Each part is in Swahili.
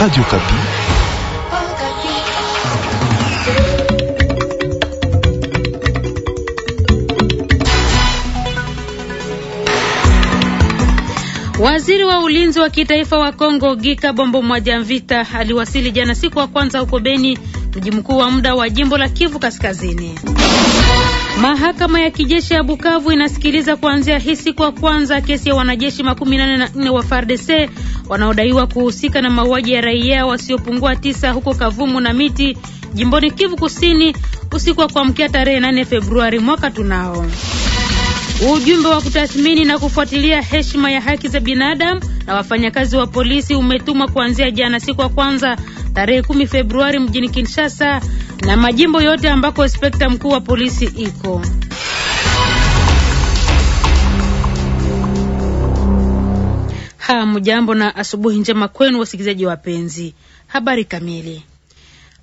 Radio Kapi. Waziri wa Ulinzi wa Kitaifa wa Kongo Gika Bombo Mwajamvita aliwasili jana siku ya kwanza huko Beni, mji mkuu wa muda wa jimbo la Kivu Kaskazini. Mahakama ya kijeshi ya Bukavu inasikiliza kuanzia hii siku ya kwanza kesi ya wanajeshi makumi nane na nne wa FARDC wanaodaiwa kuhusika na mauaji ya raia wasiopungua tisa huko Kavumu na Miti jimboni Kivu Kusini usiku wa kuamkia tarehe 8 Februari mwaka tunao. Ujumbe wa kutathmini na kufuatilia heshima ya haki za binadamu na wafanyakazi wa polisi umetumwa kuanzia jana siku ya kwanza tarehe 10 Februari mjini Kinshasa na majimbo yote ambako inspekta mkuu wa polisi iko. Hamjambo na asubuhi njema kwenu wasikilizaji wapenzi. Habari kamili.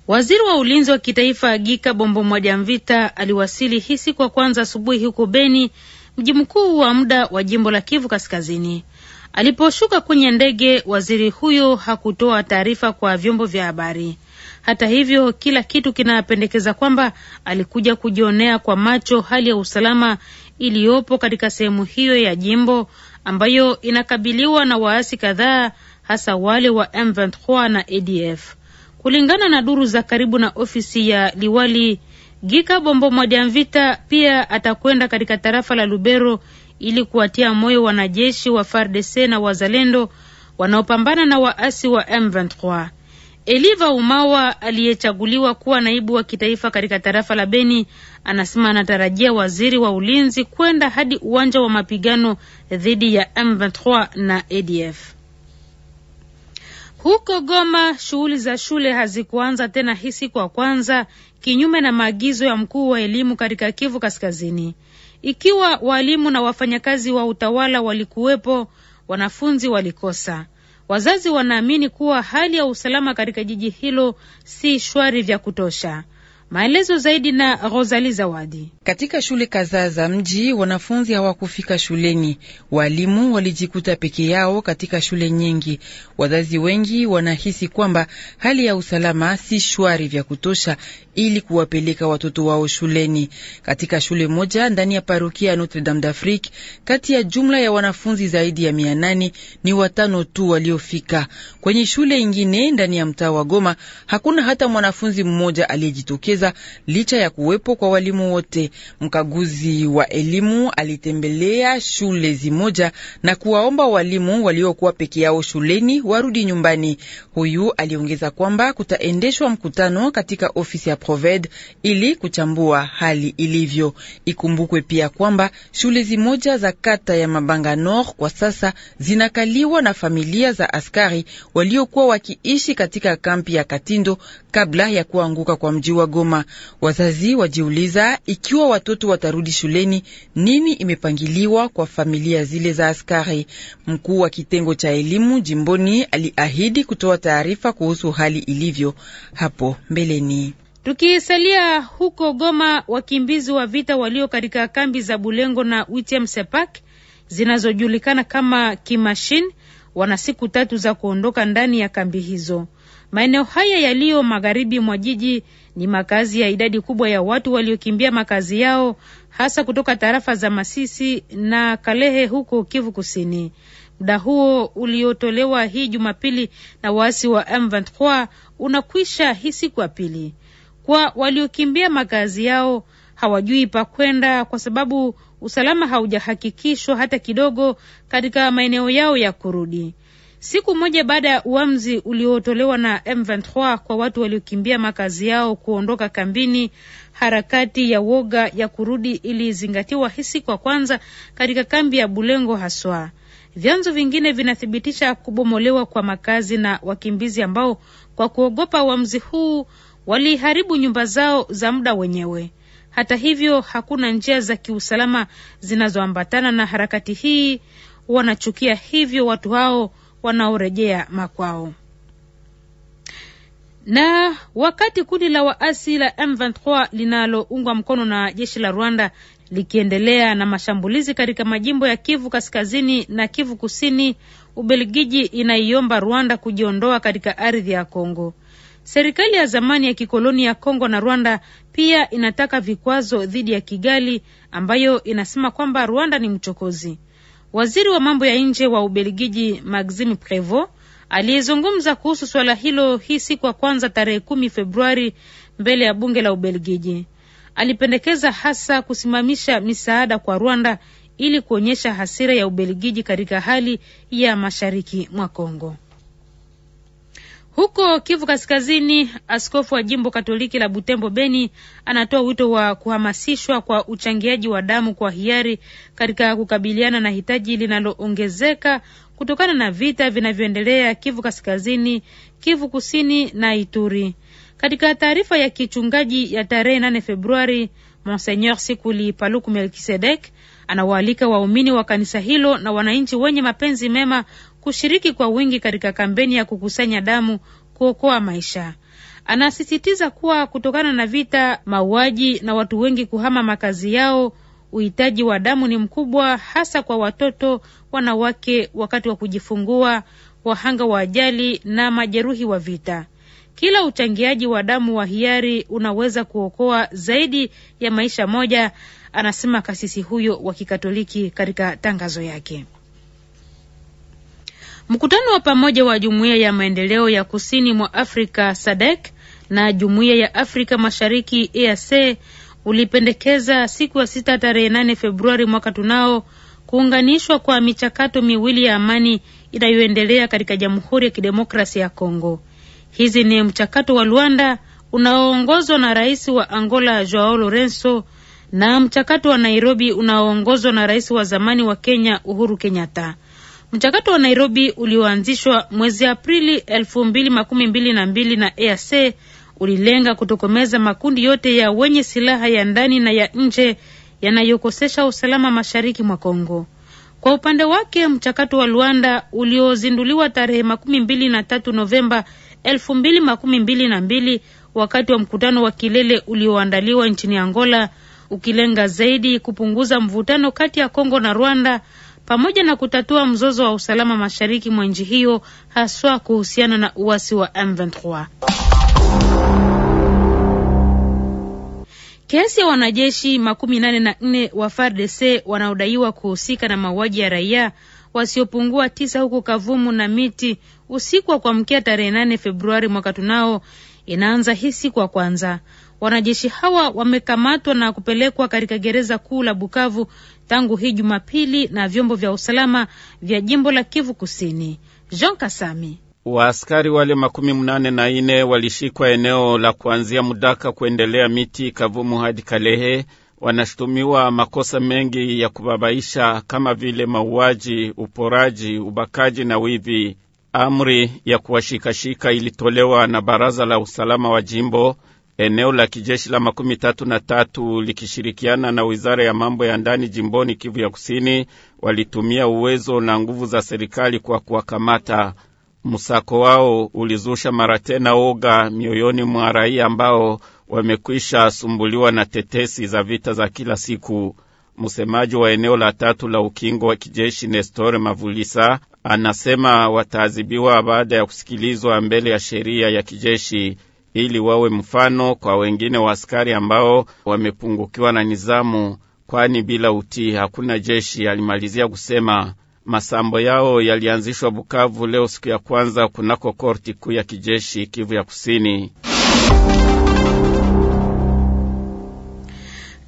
Waziri wa ulinzi wa kitaifa Agika Bombo Mwajamvita aliwasili hii siku ya kwanza asubuhi huko Beni, mji mkuu wa muda wa jimbo la Kivu Kaskazini. Aliposhuka kwenye ndege, waziri huyo hakutoa taarifa kwa vyombo vya habari. Hata hivyo, kila kitu kinapendekeza kwamba alikuja kujionea kwa macho hali ya usalama iliyopo katika sehemu hiyo ya jimbo ambayo inakabiliwa na waasi kadhaa hasa wale wa M23 na ADF. Kulingana na duru za karibu na ofisi ya liwali Gika Bombo Mwadiamvita pia atakwenda katika tarafa la Lubero ili kuwatia moyo wanajeshi wa FARDC na wazalendo wanaopambana na waasi wa M23. Eliva Umawa aliyechaguliwa kuwa naibu wa kitaifa katika tarafa la Beni anasema anatarajia waziri wa ulinzi kwenda hadi uwanja wa mapigano dhidi ya M23 na ADF. Huko Goma, shughuli za shule hazikuanza tena hii siku ya kwanza, kinyume na maagizo ya mkuu wa elimu katika Kivu Kaskazini. Ikiwa waalimu na wafanyakazi wa utawala walikuwepo, wanafunzi walikosa. Wazazi wanaamini kuwa hali ya usalama katika jiji hilo si shwari vya kutosha. Maelezo zaidi na Rosali Zawadi. Katika shule kadhaa za mji wanafunzi hawakufika shuleni, walimu walijikuta peke yao katika shule nyingi. Wazazi wengi wanahisi kwamba hali ya usalama si shwari vya kutosha ili kuwapeleka watoto wao shuleni. Katika shule moja ndani ya parokia ya Notre Dame d'Afrique, kati ya jumla ya wanafunzi zaidi ya mia nane ni watano tu waliofika. Kwenye shule ingine ndani ya mtaa wa Goma hakuna hata mwanafunzi mmoja aliyejitokeza kujifunza licha ya kuwepo kwa walimu wote. Mkaguzi wa elimu alitembelea shule zimoja na kuwaomba walimu waliokuwa peke yao shuleni warudi nyumbani. Huyu aliongeza kwamba kutaendeshwa mkutano katika ofisi ya Proved ili kuchambua hali ilivyo. Ikumbukwe pia kwamba shule zimoja za kata ya Mabanga Nord kwa sasa zinakaliwa na familia za askari waliokuwa wakiishi katika kampi ya Katindo kabla ya kuanguka kwa mji wa Goma. Wazazi wajiuliza ikiwa watoto watarudi shuleni, nini imepangiliwa kwa familia zile za askari. Mkuu wa kitengo cha elimu jimboni aliahidi kutoa taarifa kuhusu hali ilivyo hapo mbeleni. Tukisalia huko Goma, wakimbizi wa vita walio katika kambi za Bulengo na Witiam Sepak zinazojulikana kama Kimashin wana siku tatu za kuondoka ndani ya kambi hizo. Maeneo haya yaliyo magharibi mwa jiji ni makazi ya idadi kubwa ya watu waliokimbia makazi yao hasa kutoka tarafa za Masisi na Kalehe huko Kivu Kusini. Muda huo uliotolewa hii Jumapili na waasi wa M23 unakwisha hii siku ya pili. Kwa waliokimbia makazi yao, hawajui pa kwenda kwa sababu usalama haujahakikishwa hata kidogo katika maeneo yao ya kurudi siku moja baada ya uamuzi uliotolewa na M23 kwa watu waliokimbia makazi yao kuondoka kambini. Harakati ya woga ya kurudi ilizingatiwa hisi kwa kwanza katika kambi ya Bulengo haswa. Vyanzo vingine vinathibitisha kubomolewa kwa makazi na wakimbizi ambao kwa kuogopa uamuzi huu waliharibu nyumba zao za muda wenyewe. Hata hivyo, hakuna njia za kiusalama zinazoambatana na harakati hii. Wanachukia hivyo watu hao wanaorejea makwao. Na wakati kundi la waasi la M23 linaloungwa mkono na jeshi la Rwanda likiendelea na mashambulizi katika majimbo ya Kivu Kaskazini na Kivu Kusini, Ubelgiji inaiomba Rwanda kujiondoa katika ardhi ya Kongo. Serikali ya zamani ya kikoloni ya Kongo na Rwanda pia inataka vikwazo dhidi ya Kigali ambayo inasema kwamba Rwanda ni mchokozi. Waziri wa mambo ya nje wa Ubelgiji Maxime Prevot aliyezungumza kuhusu swala hilo hii siku ya kwanza tarehe kumi Februari mbele ya bunge la Ubelgiji alipendekeza hasa kusimamisha misaada kwa Rwanda ili kuonyesha hasira ya Ubelgiji katika hali ya mashariki mwa Kongo. Huko Kivu Kaskazini, askofu wa jimbo Katoliki la Butembo Beni anatoa wito wa kuhamasishwa kwa uchangiaji wa damu kwa hiari katika kukabiliana na hitaji linaloongezeka kutokana na vita vinavyoendelea Kivu Kaskazini, Kivu Kusini na Ituri. Katika taarifa ya kichungaji ya tarehe 8 Februari, Monseigneur Sikuli Paluku Melkisedek anawaalika waumini wa kanisa hilo na wananchi wenye mapenzi mema kushiriki kwa wingi katika kampeni ya kukusanya damu kuokoa maisha. Anasisitiza kuwa kutokana na vita, mauaji na watu wengi kuhama makazi yao, uhitaji wa damu ni mkubwa, hasa kwa watoto, wanawake wakati wa kujifungua, wahanga wa ajali na majeruhi wa vita. Kila uchangiaji wa damu wa hiari unaweza kuokoa zaidi ya maisha moja, anasema kasisi huyo wa Kikatoliki katika tangazo yake. Mkutano wa pamoja wa Jumuiya ya Maendeleo ya Kusini mwa Afrika SADC na Jumuiya ya Afrika Mashariki EAC ulipendekeza siku ya sita tarehe nane Februari mwaka tunao kuunganishwa kwa michakato miwili ya amani inayoendelea katika Jamhuri ya Kidemokrasia ya Kongo. Hizi ni mchakato wa Luanda unaoongozwa na Rais wa Angola Joao Lorenzo na mchakato wa Nairobi unaoongozwa na Rais wa zamani wa Kenya Uhuru Kenyatta. Mchakato wa Nairobi ulioanzishwa mwezi Aprili elfu mbili makumi mbili na mbili na EAC ulilenga kutokomeza makundi yote ya wenye silaha ya ndani na ya nje yanayokosesha usalama mashariki mwa Kongo. Kwa upande wake, mchakato wa Luanda uliozinduliwa tarehe makumi mbili na tatu Novemba elfu mbili makumi mbili na mbili wakati wa mkutano wa kilele ulioandaliwa nchini Angola ukilenga zaidi kupunguza mvutano kati ya Kongo na Rwanda pamoja na kutatua mzozo wa usalama mashariki mwa nchi hiyo haswa kuhusiana na uasi wa M23. Kiasi ya wanajeshi makumi nane na nne wa FARDC wanaodaiwa kuhusika na mauaji ya raia wasiopungua tisa huko Kavumu na Miti usiku wa kuamkia tarehe nane Februari mwaka tunao inaanza hii siku wa kwanza. Wanajeshi hawa wamekamatwa na kupelekwa katika gereza kuu la Bukavu tangu hii Jumapili na vyombo vya usalama vya jimbo la Kivu Kusini. Jean Kasami. Waaskari wale makumi mnane na ine walishikwa eneo la kuanzia Mudaka kuendelea miti Kavumu hadi Kalehe. Wanashutumiwa makosa mengi ya kubabaisha kama vile mauaji, uporaji, ubakaji na wivi. Amri ya kuwashikashika ilitolewa na baraza la usalama wa jimbo eneo la kijeshi la makumi tatu na tatu likishirikiana na wizara ya mambo ya ndani jimboni Kivu ya Kusini walitumia uwezo na nguvu za serikali kwa kuwakamata. Msako wao ulizusha mara tena oga mioyoni mwa raia ambao wamekwisha sumbuliwa na tetesi za vita za kila siku. Msemaji wa eneo la tatu la ukingo wa kijeshi Nestore Mavulisa anasema wataadhibiwa baada ya kusikilizwa mbele ya sheria ya kijeshi ili wawe mfano kwa wengine wa askari ambao wamepungukiwa na nizamu, kwani bila utii hakuna jeshi, alimalizia kusema. Masambo yao yalianzishwa Bukavu leo siku ya kwanza kunako korti kuu ya kijeshi Kivu ya Kusini.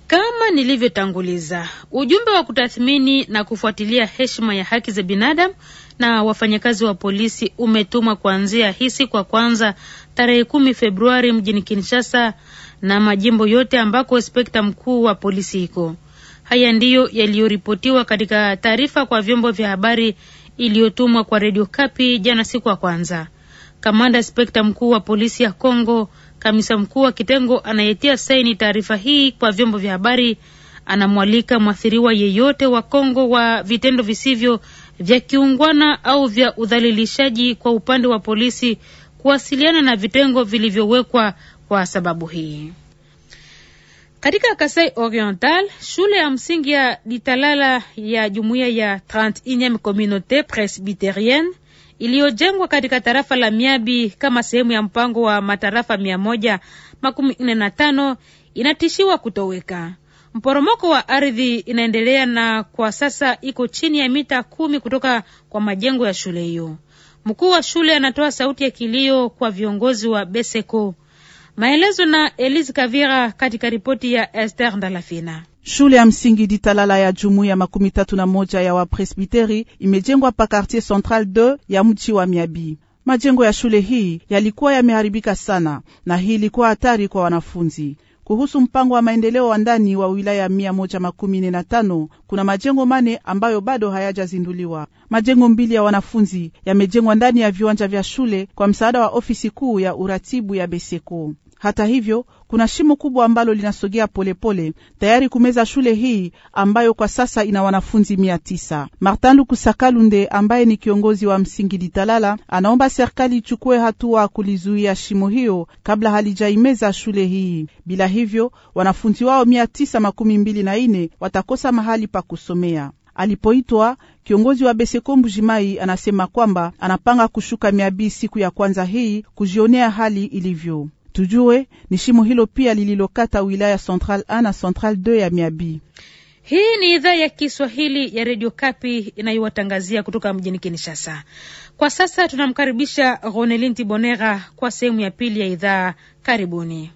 Kama nilivyotanguliza, ujumbe wa kutathmini na kufuatilia heshima ya haki za binadamu na wafanyakazi wa polisi umetumwa kuanzia hii siku kwa kwanza tarehe kumi Februari mjini Kinshasa na majimbo yote ambako spekta mkuu wa polisi iko. Haya ndiyo yaliyoripotiwa katika taarifa kwa vyombo vya habari iliyotumwa kwa redio Kapi jana siku ya kwanza. Kamanda spekta mkuu wa polisi ya Kongo, kamisa mkuu wa kitengo anayetia saini taarifa hii kwa vyombo vya habari, anamwalika mwathiriwa yeyote wa Kongo wa vitendo visivyo vya kiungwana au vya udhalilishaji kwa upande wa polisi kuwasiliana na vitengo vilivyowekwa kwa sababu hii. Katika Kasai Oriental, shule ya msingi ya Ditalala ya jumuiya ya 31 Communaute Presbyterienne iliyojengwa katika tarafa la Miabi kama sehemu ya mpango wa matarafa mia moja makumi nne na tano inatishiwa kutoweka. Mporomoko wa ardhi inaendelea na kwa sasa iko chini ya mita kumi kutoka kwa majengo ya shule hiyo. Mkuu wa shule anatoa sauti ya kilio kwa viongozi wa Beseko. Maelezo na Elise Kavira katika ripoti ya Esther Ndalafina. Shule ya msingi Ditalala ya jumuiya makumi tatu na moja ya Wapresbiteri imejengwa pa Quartier Central 2 ya mji wa Miabi. Majengo ya shule hii yalikuwa yameharibika sana na hii ilikuwa hatari kwa wanafunzi kuhusu mpango wa maendeleo wa ndani wa wilaya mia moja makumi nne na tano kuna majengo mane ambayo bado hayajazinduliwa. Majengo mbili ya wanafunzi yamejengwa ndani ya viwanja vya shule kwa msaada wa ofisi kuu ya uratibu ya Beseko. Hata hivyo kuna shimo kubwa ambalo linasogea polepole tayari kumeza shule hii ambayo kwa sasa ina wanafunzi mia tisa. Martin Lukusakalunde ambaye ni kiongozi wa msingi Litalala anaomba serikali ichukue hatua kulizuia shimo hiyo kabla halijaimeza shule hii. Bila hivyo wanafunzi wao mia tisa makumi mbili na ine watakosa mahali pa kusomea. Alipoitwa kiongozi wa Beseko Mbujimai anasema kwamba anapanga kushuka Miabii siku ya kwanza hii kujionea hali ilivyo. Tujue ni shimo hilo pia lililokata wilaya Central A na Central 2 ya Miabi. Hii ni idhaa ya Kiswahili ya Radio Kapi inayowatangazia kutoka mjini Kinshasa. Kwa sasa tunamkaribisha Ronelin Tibonera kwa sehemu ya pili ya idhaa. Karibuni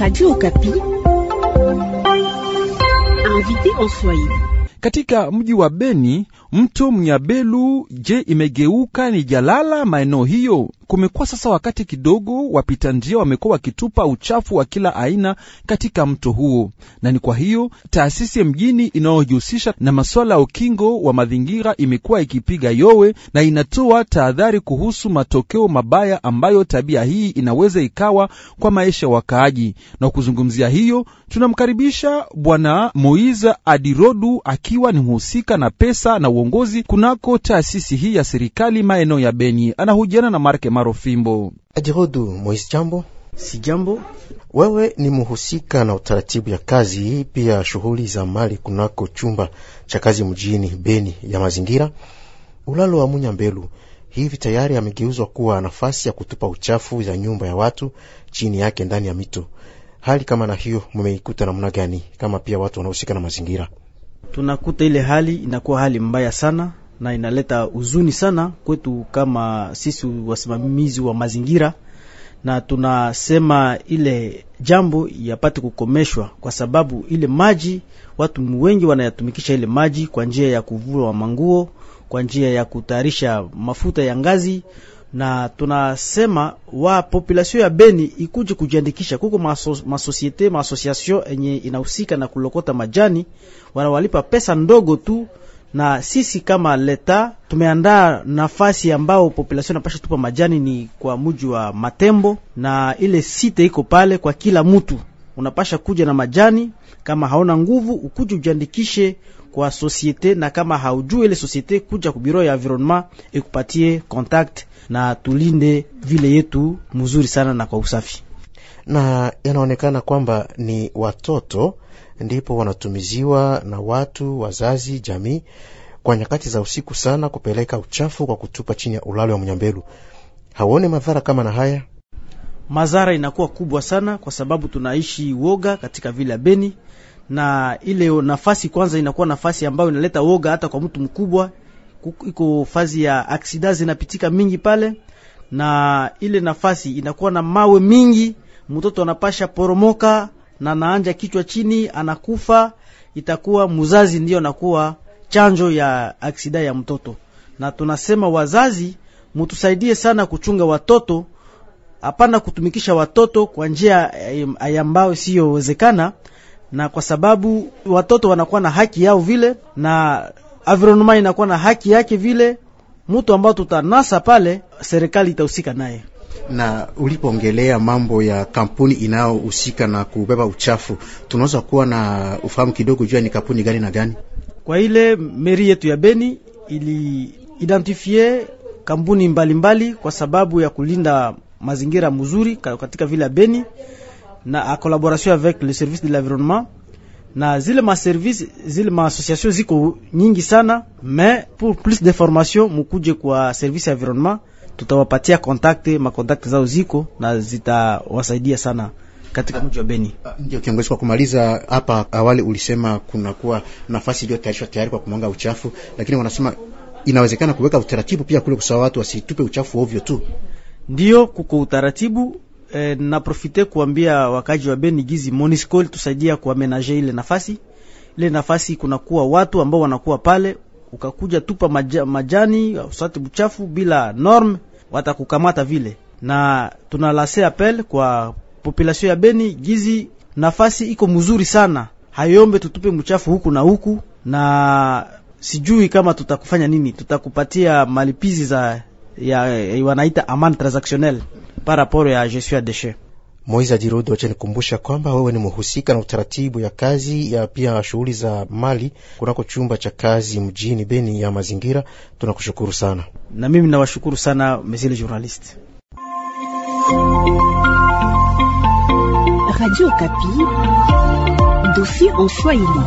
Radio Kapi. Katika mji wa Beni, mto Mnyabelu je imegeuka ni jalala maeneo hiyo kumekuwa sasa wakati kidogo wapita njia wamekuwa wakitupa uchafu wa kila aina katika mto huo, na ni kwa hiyo taasisi mjini inayojihusisha na masuala ya ukingo wa mazingira imekuwa ikipiga yowe na inatoa tahadhari kuhusu matokeo mabaya ambayo tabia hii inaweza ikawa kwa maisha ya wakaaji. Na kuzungumzia hiyo, tunamkaribisha Bwana Moiza Adirodu akiwa ni mhusika na pesa na uongozi kunako taasisi hii ya serikali maeneo ya Beni. Anahujiana na Marke Marofimbo. Ajirodu Moise, jambo. Si jambo. Wewe ni muhusika na utaratibu ya kazi hii pia shughuli za mali kunako chumba cha kazi mjini Beni ya mazingira. Ulalo wa Munyambelu hivi tayari amegeuzwa kuwa nafasi ya kutupa uchafu za nyumba ya watu chini yake ndani ya mito. Hali kama na hiyo mumeikuta namna gani, kama pia watu wanahusika na mazingira? Tunakuta ile hali inakuwa hali mbaya sana na inaleta huzuni sana kwetu kama sisi wasimamizi wa mazingira, na tunasema ile jambo yapate kukomeshwa, kwa sababu ile maji watu wengi wanayatumikisha ile maji kwa njia ya kuvua manguo, kwa njia ya kutayarisha mafuta ya ngazi na tunasema wa population ya Beni ikuje kujiandikisha kuko masosiete maso, enye inahusika na kulokota majani, wanawalipa pesa ndogo tu na sisi kama leta tumeandaa nafasi ambao population inapasha tupa majani ni kwa muji wa Matembo, na ile site iko pale kwa kila mtu unapasha kuja na majani. Kama haona nguvu, ukuje ujiandikishe kwa societe, na kama haujui ile societe, kuja ku ya environnement ikupatie contact, na tulinde vile yetu mzuri sana na kwa usafi. Na yanaonekana kwamba ni watoto ndipo wanatumiziwa na watu, wazazi, jamii kwa nyakati za usiku sana kupeleka uchafu kwa kutupa chini ya ulalo wa mnyambelu. Hauone madhara kama na haya? Madhara inakuwa kubwa sana, kwa sababu tunaishi woga katika vila Beni, na ile nafasi kwanza inakuwa nafasi ambayo inaleta woga hata kwa mtu mkubwa. Iko fazi ya aksida zinapitika mingi pale, na ile nafasi inakuwa na mawe mingi, mtoto anapasha poromoka na naanja kichwa chini anakufa, itakuwa mzazi ndiyo nakuwa chanjo ya aksida ya mtoto. Na tunasema wazazi mutusaidie sana kuchunga watoto, hapana kutumikisha watoto kwa njia ambayo siyowezekana, na kwa sababu watoto wanakuwa na haki yao vile na environment inakuwa na haki yake vile. Mtu ambao tutanasa pale, serikali itahusika naye na ulipoongelea mambo ya kampuni inayohusika na kubeba uchafu, tunaweza kuwa na ufahamu kidogo juu ni kampuni gani na gani? Kwa ile meri yetu ya Beni iliidentifie kampuni mbalimbali mbali kwa sababu ya kulinda mazingira mzuri katika vile ya Beni na a collaboration avec le service de l'environnement na zile ma service zile ma association ziko nyingi sana, mais pour plus d'information mukuje kwa service ya environnement tutawapatia kontakte, makontakte zao ziko na zitawasaidia sana katika mji wa Beni. Ah, ndio kiongozi, kwa kumaliza hapa, awali ulisema kunakuwa nafasi iliyotayarishwa tayari kwa kumwanga uchafu, lakini wanasema inawezekana kuweka utaratibu pia kule kusawa watu wasitupe uchafu ovyo tu. Ndio kuko utaratibu e, na profite kuambia wakaji wa Beni gizi Monisco tusaidia kuamenaje ile nafasi. Ile nafasi kunakuwa watu ambao wanakuwa pale, ukakuja tupa majani usati uchafu bila norm watakukamata vile, na tunalase apel kwa population ya Beni gizi nafasi iko mzuri sana, hayombe tutupe mchafu huku na huku, na sijui kama tutakufanya nini, tutakupatia malipizi za ya, ya wanaita amani transactionnel par rapport ya gestion ya déchets. Moiz Jirudo achanikumbusha kwamba wewe ni mhusika na utaratibu ya kazi ya pia shughuli za mali kunako chumba cha kazi mjini Beni ya mazingira. Tunakushukuru sana. Na mimi nawashukuru sana mesile journalist Radio Kapi dofi en Swahili.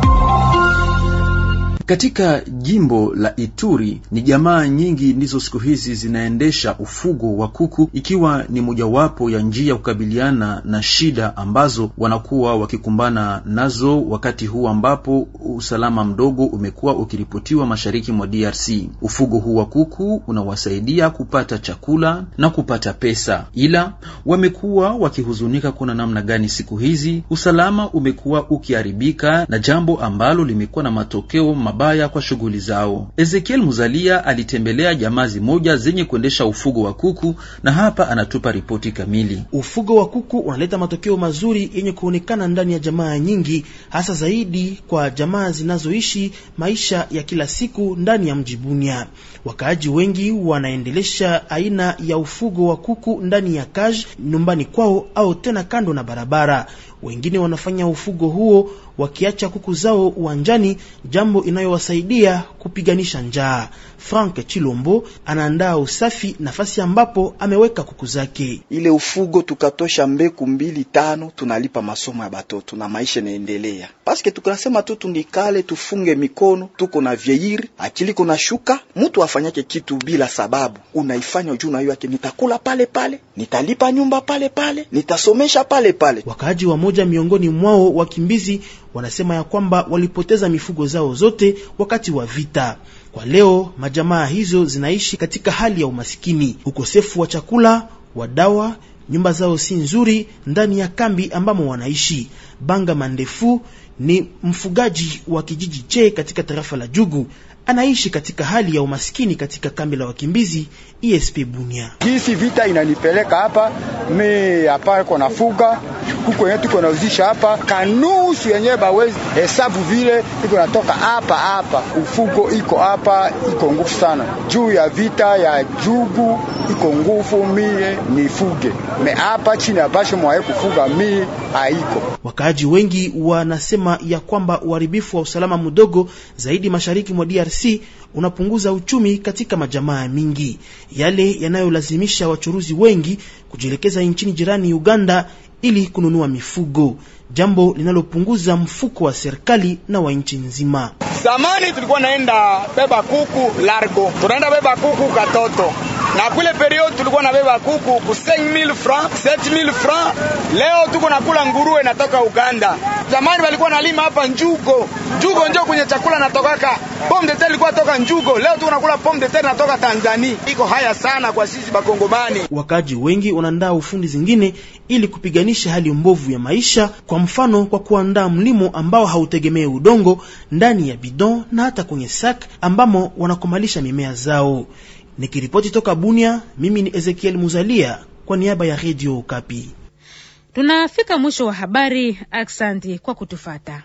Katika jimbo la Ituri ni jamaa nyingi ndizo siku hizi zinaendesha ufugo wa kuku, ikiwa ni mojawapo ya njia ya kukabiliana na shida ambazo wanakuwa wakikumbana nazo wakati huu ambapo usalama mdogo umekuwa ukiripotiwa mashariki mwa DRC. Ufugo huu wa kuku unawasaidia kupata chakula na kupata pesa, ila wamekuwa wakihuzunika kuna namna gani siku hizi usalama umekuwa ukiharibika, na jambo ambalo limekuwa na matokeo ma mabaya kwa shughuli zao. Ezekiel Muzalia alitembelea jamaa zimoja zenye kuendesha ufugo wa kuku na hapa anatupa ripoti kamili. Ufugo wa kuku unaleta matokeo mazuri yenye kuonekana ndani ya jamaa nyingi, hasa zaidi kwa jamaa zinazoishi maisha ya kila siku ndani ya mji Bunia. Wakaaji wengi wanaendelesha aina ya ufugo wa kuku ndani ya kaj nyumbani kwao au tena kando na barabara. Wengine wanafanya ufugo huo wakiacha kuku zao uwanjani, jambo inayowasaidia kupiganisha njaa. Frank Chilombo anaandaa usafi nafasi ambapo ameweka kuku zake. Ile ufugo tukatosha mbeku mbili tano, tunalipa masomo ya batoto na maisha inaendelea, paske tukasema tu tunikale tufunge mikono, tuko na vyeiri akili kuna shuka. Mtu afanyake kitu bila sababu, unaifanya juu nayo yake, nitakula pale pale, nitalipa nyumba pale pale, nitasomesha pale pale. Wakaaji wa moja moja miongoni mwao wakimbizi wanasema ya kwamba walipoteza mifugo zao zote wakati wa vita. Kwa leo majamaa hizo zinaishi katika hali ya umasikini, ukosefu wa chakula, wa dawa, nyumba zao si nzuri ndani ya kambi ambamo wanaishi. Banga Mandefu ni mfugaji wa kijiji che katika tarafa la Jugu anaishi katika hali ya umaskini katika kambi la wakimbizi ESP Bunia. Jinsi vita inanipeleka hapa mi hapa kona fuga huko yetu kona uzisha hapa kanusu yenyewe bawezi hesabu vile iko natoka hapa hapa. Ufugo iko hapa iko ngufu sana juu ya vita ya jugu iko ngufu mie nifuge me hapa chini basho mwae kufuga mie haiko. Wakaaji wengi wanasema ya kwamba uharibifu wa usalama mdogo zaidi mashariki mwa DRC unapunguza uchumi katika majamaa mingi, yale yanayolazimisha wachuruzi wengi kujielekeza nchini jirani Uganda ili kununua mifugo, jambo linalopunguza mfuko wa serikali na wa nchi nzima. Zamani tulikuwa naenda beba kuku largo, tunaenda beba kuku katoto na kule periode tulikuwa beba kuku ku 5000 francs 7000 francs, leo tuko nakula nguruwe natoka Uganda. Zamani walikuwa nalima hapa njugo, njugo ndio kwenye chakula natokaka. Pomme de terre ilikuwa toka njugo, leo tuko nakula pomme de terre natoka Tanzania. Iko haya sana kwa sisi Bakongomani. Wakaji wengi wanaandaa ufundi zingine ili kupiganisha hali mbovu ya maisha, kwa mfano kwa kuandaa mlimo ambao hautegemei udongo ndani ya bidon na hata kwenye sak ambamo wanakomalisha mimea zao. Nikiripoti toka Bunia, mimi ni Ezekiel Muzalia kwa niaba ya Radio Kapi. Tunafika mwisho wa habari. Aksanti kwa kutufata.